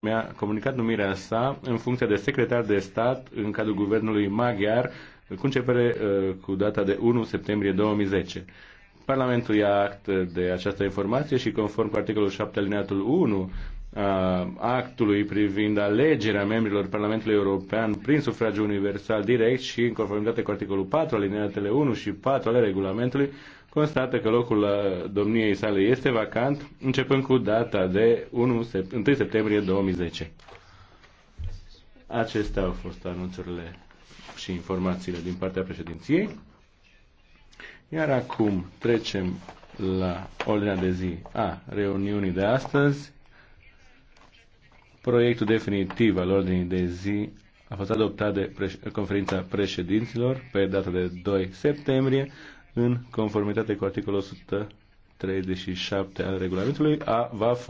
mi-a comunicat numirea sa în funcția de secretar de stat în cadrul guvernului maghiar, cu începere uh, cu data de 1 septembrie 2010. Parlamentul ia act de această informație și conform cu articolul 7 alineatul 1 actului privind alegerea membrilor Parlamentului European prin sufragiu universal direct și în conformitate cu articolul 4 alineatele 1 și 4 ale regulamentului, constată că locul domniei sale este vacant, începând cu data de 1, 1 septembrie 2010. Acestea au fost anunțurile și informațiile din partea președinției. Iar acum trecem la ordinea de zi a reuniunii de astăzi. Proiectul definitiv al ordinii de zi a fost adoptat de conferința președinților pe data de 2 septembrie în conformitate cu articolul 137 al regulamentului a va fost